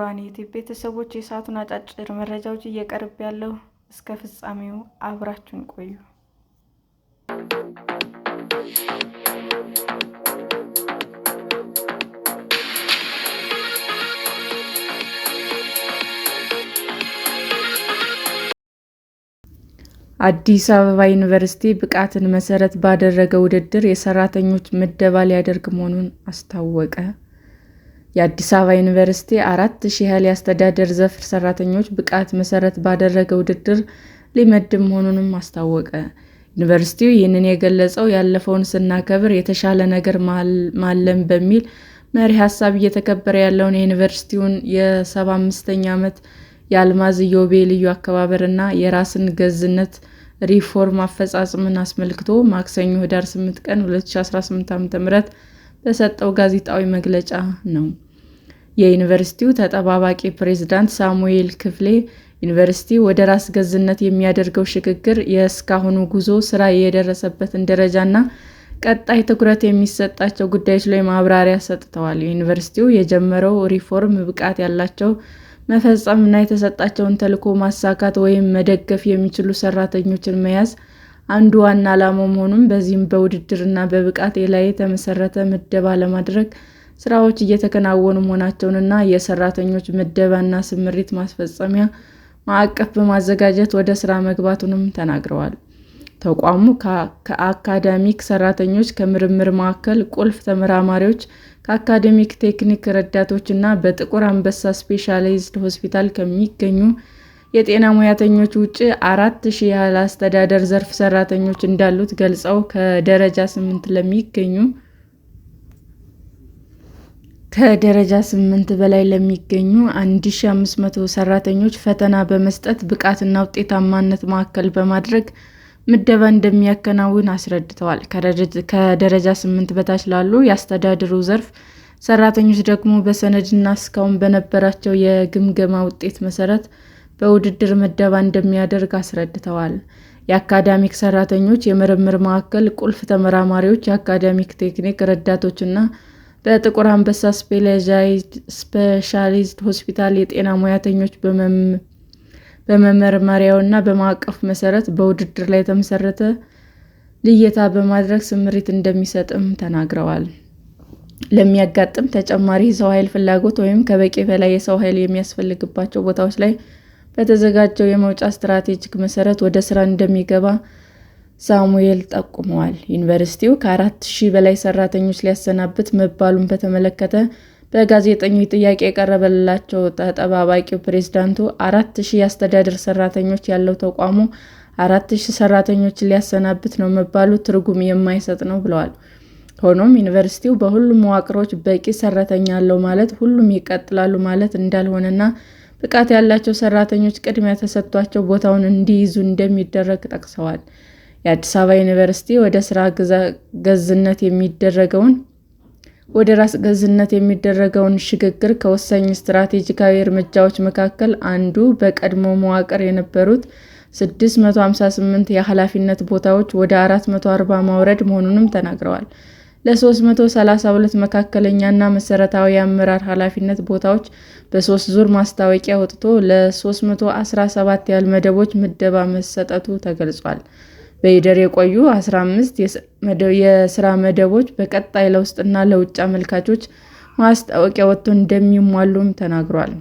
ክቡራን ዩቲዩብ ቤተሰቦች የሰዓቱን አጫጭር መረጃዎች እየቀርብ ያለው እስከ ፍጻሜው አብራችን ቆዩ። አዲስ አበባ ዩኒቨርሲቲ ብቃትን መሰረት ባደረገ ውድድር የሰራተኞች ምደባ ሊያደርግ መሆኑን አስታወቀ። የአዲስ አበባ ዩኒቨርሲቲ አራት ሺህ ያህል የአስተዳደር ዘርፍ ሰራተኞች ብቃት መሰረት ባደረገ ውድድር ሊመድብ መሆኑንም አስታወቀ። ዩኒቨርሲቲው ይህንን የገለጸው ያለፈውን ስናከብር የተሻለ ነገር ማለም በሚል መሪ ሀሳብ እየተከበረ ያለውን የዩኒቨርሲቲውን የ 75 ተኛ ዓመት የአልማዝ ኢዮቤ ልዩ አከባበርና የራስን ገዝነት ሪፎርም አፈጻጽምን አስመልክቶ ማክሰኞ ህዳር 8 ቀን 2018 ዓ.ም በሰጠው ጋዜጣዊ መግለጫ ነው። የዩኒቨርሲቲው ተጠባባቂ ፕሬዝዳንት ሳሙኤል ክፍሌ ዩኒቨርሲቲ ወደ ራስ ገዝነት የሚያደርገው ሽግግር የእስካሁኑ ጉዞ ስራ የደረሰበትን ደረጃና ቀጣይ ትኩረት የሚሰጣቸው ጉዳዮች ላይ ማብራሪያ ሰጥተዋል። ዩኒቨርሲቲው የጀመረው ሪፎርም ብቃት ያላቸው መፈጸምና የተሰጣቸውን ተልዕኮ ማሳካት ወይም መደገፍ የሚችሉ ሰራተኞችን መያዝ አንዱ ዋና ዓላማው መሆኑን በዚህም በውድድርና በብቃቴ ላይ የተመሰረተ ምደባ ለማድረግ ስራዎች እየተከናወኑ መሆናቸውንና የሰራተኞች ምደባና ስምሪት ማስፈጸሚያ ማዕቀፍ በማዘጋጀት ወደ ስራ መግባቱንም ተናግረዋል። ተቋሙ ከአካዳሚክ ሰራተኞች፣ ከምርምር ማዕከል ቁልፍ ተመራማሪዎች፣ ከአካዳሚክ ቴክኒክ ረዳቶች እና በጥቁር አንበሳ ስፔሻላይዝድ ሆስፒታል ከሚገኙ የጤና ሙያተኞች ውጪ አራት ሺህ ያህል አስተዳደር ዘርፍ ሰራተኞች እንዳሉት ገልጸው ከደረጃ ስምንት ለሚገኙ ከደረጃ ስምንት በላይ ለሚገኙ 1500 ሰራተኞች ፈተና በመስጠት ብቃትና ውጤታማነት ማዕከል በማድረግ ምደባ እንደሚያከናውን አስረድተዋል። ከደረጃ ስምንት በታች ላሉ የአስተዳደሩ ዘርፍ ሰራተኞች ደግሞ በሰነድና እስካሁን በነበራቸው የግምገማ ውጤት መሰረት ። በውድድር ምደባ እንደሚያደርግ አስረድተዋል። የአካዳሚክ ሰራተኞች የምርምር ማዕከል ቁልፍ ተመራማሪዎች፣ የአካዳሚክ ቴክኒክ ረዳቶች እና በጥቁር አንበሳ ስፔሻላይዝድ ሆስፒታል የጤና ሙያተኞች በመመርመሪያውና በማዕቀፍ መሠረት በውድድር ላይ የተመሰረተ ልየታ በማድረግ ስምሪት እንደሚሰጥም ተናግረዋል። ለሚያጋጥም ተጨማሪ የሰው ኃይል ፍላጎት ወይም ከበቂ በላይ የሰው ኃይል የሚያስፈልግባቸው ቦታዎች ላይ በተዘጋጀው የመውጫ ስትራቴጂክ መሰረት ወደ ስራ እንደሚገባ ሳሙኤል ጠቁመዋል። ዩኒቨርሲቲው ከአራት ሺህ በላይ ሰራተኞች ሊያሰናብት መባሉን በተመለከተ በጋዜጠኞች ጥያቄ የቀረበላቸው ተጠባባቂው ፕሬዝዳንቱ አራት ሺህ የአስተዳደር ሰራተኞች ያለው ተቋሙ አራት ሺህ ሠራተኞችን ሊያሰናብት ነው መባሉ ትርጉም የማይሰጥ ነው ብለዋል። ሆኖም ዩኒቨርሲቲው በሁሉም መዋቅሮች በቂ ሰራተኛ አለው ማለት ሁሉም ይቀጥላሉ ማለት እንዳልሆነና ብቃት ያላቸው ሰራተኞች ቅድሚያ ተሰጥቷቸው ቦታውን እንዲይዙ እንደሚደረግ ጠቅሰዋል። የአዲስ አበባ ዩኒቨርሲቲ ወደ ስራ ገዝነት የሚደረገውን ወደ ራስ ገዝነት የሚደረገውን ሽግግር ከወሳኝ ስትራቴጂካዊ እርምጃዎች መካከል አንዱ በቀድሞ መዋቅር የነበሩት 658 የኃላፊነት ቦታዎች ወደ 440 ማውረድ መሆኑንም ተናግረዋል። ለ332 መካከለኛና መሰረታዊ የአመራር ኃላፊነት ቦታዎች በሶስት ዙር ማስታወቂያ ወጥቶ ለ317 ያህል መደቦች ምደባ መሰጠቱ ተገልጿል። በኢደር የቆዩ 15 የስራ መደቦች በቀጣይ ለውስጥና ለውጭ አመልካቾች ማስታወቂያ ወጥቶ እንደሚሟሉም ተናግሯል።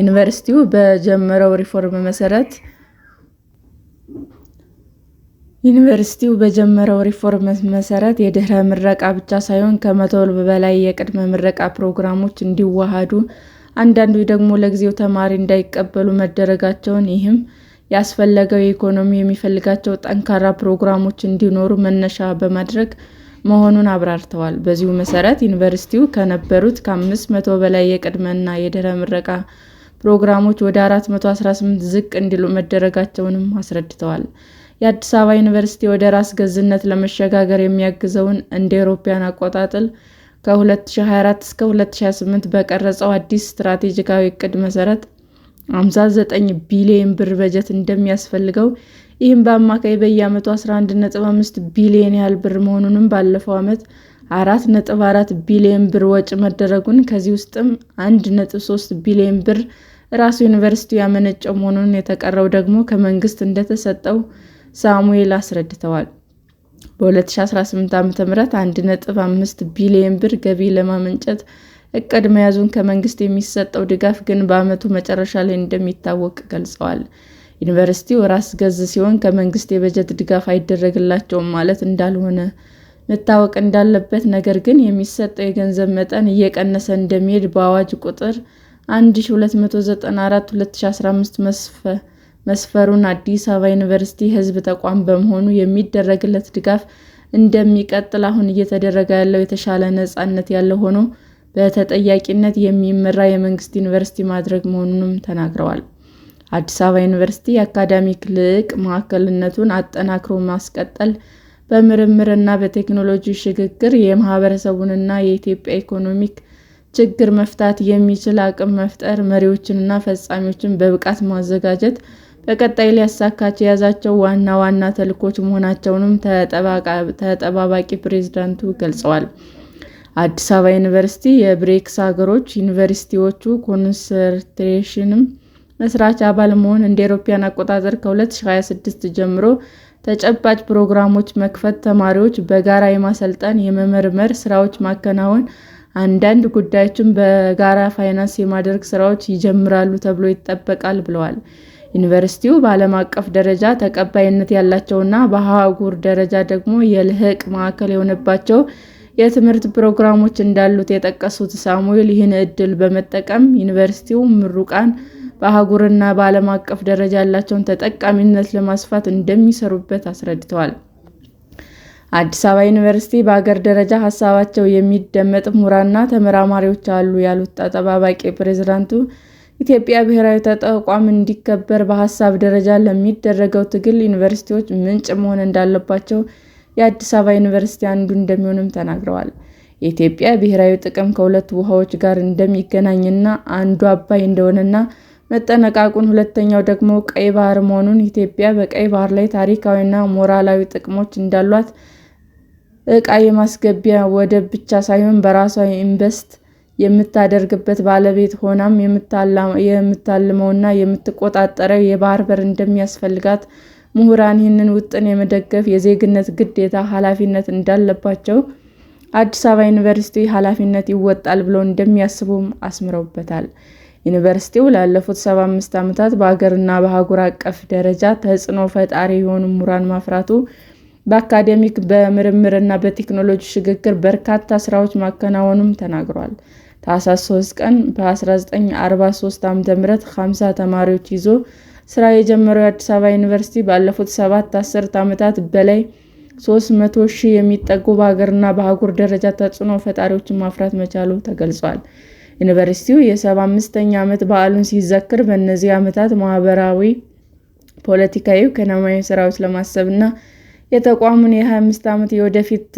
ዩኒቨርሲቲው በጀመረው ሪፎርም መሰረት ዩኒቨርሲቲው በጀመረው ሪፎርም መሰረት የድህረ ምረቃ ብቻ ሳይሆን ከመቶ በላይ የቅድመ ምረቃ ፕሮግራሞች እንዲዋሃዱ፣ አንዳንዱ ደግሞ ለጊዜው ተማሪ እንዳይቀበሉ መደረጋቸውን ይህም ያስፈለገው የኢኮኖሚ የሚፈልጋቸው ጠንካራ ፕሮግራሞች እንዲኖሩ መነሻ በማድረግ መሆኑን አብራርተዋል። በዚሁ መሰረት ዩኒቨርሲቲው ከነበሩት ከአምስት መቶ በላይ የቅድመና እና የድህረ ምረቃ ፕሮግራሞች ወደ አራት መቶ አስራ ስምንት ዝቅ እንዲሉ መደረጋቸውንም አስረድተዋል። የአዲስ አበባ ዩኒቨርሲቲ ወደ ራስ ገዝነት ለመሸጋገር የሚያግዘውን እንደ አውሮፓውያን አቆጣጠር ከ2024 እስከ 2028 በቀረጸው አዲስ ስትራቴጂካዊ እቅድ መሰረት 59 ቢሊዮን ብር በጀት እንደሚያስፈልገው፣ ይህም በአማካይ በየዓመቱ 11.5 ቢሊዮን ያህል ብር መሆኑንም ባለፈው ዓመት 4.4 ቢሊዮን ብር ወጪ መደረጉን ከዚህ ውስጥም 1.3 ቢሊዮን ብር ራሱ ዩኒቨርሲቲው ያመነጨው መሆኑን የተቀረው ደግሞ ከመንግስት እንደተሰጠው ሳሙኤል አስረድተዋል። በ2018 ነጥብ 5 ቢሊዮን ብር ገቢ ለማመንጨት እቅድ መያዙን፣ ከመንግስት የሚሰጠው ድጋፍ ግን በዓመቱ መጨረሻ ላይ እንደሚታወቅ ገልጸዋል። ዩኒቨርሲቲው ራስ ገዝ ሲሆን ከመንግስት የበጀት ድጋፍ አይደረግላቸውም ማለት እንዳልሆነ መታወቅ እንዳለበት፣ ነገር ግን የሚሰጠው የገንዘብ መጠን እየቀነሰ እንደሚሄድ በአዋጅ ቁጥር 1294/2015 መስፈሩን አዲስ አበባ ዩኒቨርሲቲ ሕዝብ ተቋም በመሆኑ የሚደረግለት ድጋፍ እንደሚቀጥል፣ አሁን እየተደረገ ያለው የተሻለ ነፃነት ያለው ሆኖ በተጠያቂነት የሚመራ የመንግስት ዩኒቨርሲቲ ማድረግ መሆኑንም ተናግረዋል። አዲስ አበባ ዩኒቨርሲቲ የአካዳሚክ ልዕቅ ማዕከልነቱን አጠናክሮ ማስቀጠል፣ በምርምርና በቴክኖሎጂ ሽግግር የማህበረሰቡንና የኢትዮጵያ ኢኮኖሚክ ችግር መፍታት የሚችል አቅም መፍጠር፣ መሪዎችንና ፈጻሚዎችን በብቃት ማዘጋጀት በቀጣይ ሊያሳካቸው የያዛቸው ዋና ዋና ተልዕኮች መሆናቸውንም ተጠባባቂ ፕሬዝዳንቱ ገልጸዋል። አዲስ አበባ ዩኒቨርሲቲ የብሬክስ ሀገሮች ዩኒቨርሲቲዎቹ ኮንሶርቲየም መስራች አባል መሆን እንደ አውሮፓውያን አቆጣጠር ከ2026 ጀምሮ ተጨባጭ ፕሮግራሞች መክፈት፣ ተማሪዎች በጋራ የማሰልጠን የመመርመር ስራዎች ማከናወን፣ አንዳንድ ጉዳዮችን በጋራ ፋይናንስ የማድረግ ስራዎች ይጀምራሉ ተብሎ ይጠበቃል ብለዋል። ዩኒቨርሲቲው በዓለም አቀፍ ደረጃ ተቀባይነት ያላቸውና በአህጉር ደረጃ ደግሞ የልህቅ ማዕከል የሆነባቸው የትምህርት ፕሮግራሞች እንዳሉት የጠቀሱት ሳሙኤል ይህን ዕድል በመጠቀም ዩኒቨርሲቲው ምሩቃን በአህጉርና በዓለም አቀፍ ደረጃ ያላቸውን ተጠቃሚነት ለማስፋት እንደሚሰሩበት አስረድተዋል። አዲስ አበባ ዩኒቨርሲቲ በአገር ደረጃ ሀሳባቸው የሚደመጥ ምሁራንና ተመራማሪዎች አሉ ያሉት ተጠባባቂ ፕሬዝዳንቱ ኢትዮጵያ ብሔራዊ ተቋም እንዲከበር በሀሳብ ደረጃ ለሚደረገው ትግል ዩኒቨርሲቲዎች ምንጭ መሆን እንዳለባቸው የአዲስ አበባ ዩኒቨርሲቲ አንዱ እንደሚሆንም ተናግረዋል። የኢትዮጵያ ብሔራዊ ጥቅም ከሁለት ውሃዎች ጋር እንደሚገናኝና አንዱ አባይ እንደሆነና መጠነቃቁን ሁለተኛው ደግሞ ቀይ ባህር መሆኑን ኢትዮጵያ በቀይ ባህር ላይ ታሪካዊና ሞራላዊ ጥቅሞች እንዳሏት ዕቃ የማስገቢያ ወደብ ብቻ ሳይሆን በራሷ ኢንቨስት የምታደርግበት ባለቤት ሆናም የምታልመውና የምትቆጣጠረው የባህር በር እንደሚያስፈልጋት ምሁራን ይህንን ውጥን የመደገፍ የዜግነት ግዴታ ኃላፊነት እንዳለባቸው አዲስ አበባ ዩኒቨርሲቲ ኃላፊነት ይወጣል ብለው እንደሚያስቡም አስምረውበታል። ዩኒቨርሲቲው ላለፉት 75 ዓመታት በአገርና በአህጉር አቀፍ ደረጃ ተጽዕኖ ፈጣሪ የሆኑ ምሁራን ማፍራቱ በአካዴሚክ በምርምርና በቴክኖሎጂ ሽግግር በርካታ ስራዎች ማከናወኑም ተናግሯል። ታኅሳስ 3 ቀን በ1943 ም 50 ተማሪዎች ይዞ ስራ የጀመረው የአዲስ አበባ ዩኒቨርሲቲ ባለፉት ሰባት አስርት ዓመታት በላይ 300 ሺህ የሚጠጉ በሀገርና በአህጉር ደረጃ ተጽዕኖ ፈጣሪዎችን ማፍራት መቻሉ ተገልጿል። ዩኒቨርሲቲው የ75ኛ ዓመት በዓሉን ሲዘክር በእነዚህ ዓመታት ማህበራዊ፣ ፖለቲካዊ፣ ኢኮኖሚያዊ ሥራዎች ለማሰብና የተቋሙን የ25 ዓመት የወደፊት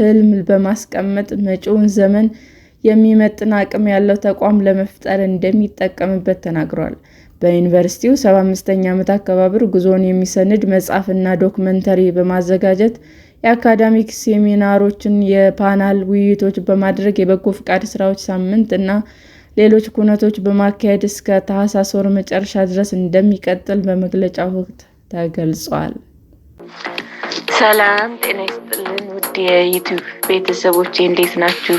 ህልም በማስቀመጥ መጪውን ዘመን የሚመጥን አቅም ያለው ተቋም ለመፍጠር እንደሚጠቀምበት ተናግሯል። በዩኒቨርሲቲው 75ኛ ዓመት አከባበር ጉዞውን የሚሰንድ መጽሐፍና ዶክመንተሪ በማዘጋጀት የአካዳሚክ ሴሚናሮችን፣ የፓናል ውይይቶች በማድረግ የበጎ ፈቃድ ስራዎች ሳምንት እና ሌሎች ኩነቶች በማካሄድ እስከ ታኅሳስ ወር መጨረሻ ድረስ እንደሚቀጥል በመግለጫው ወቅት ተገልጿል። ሰላም ጤና ይስጥልን ውድ የዩቱብ ቤተሰቦች እንዴት ናችሁ?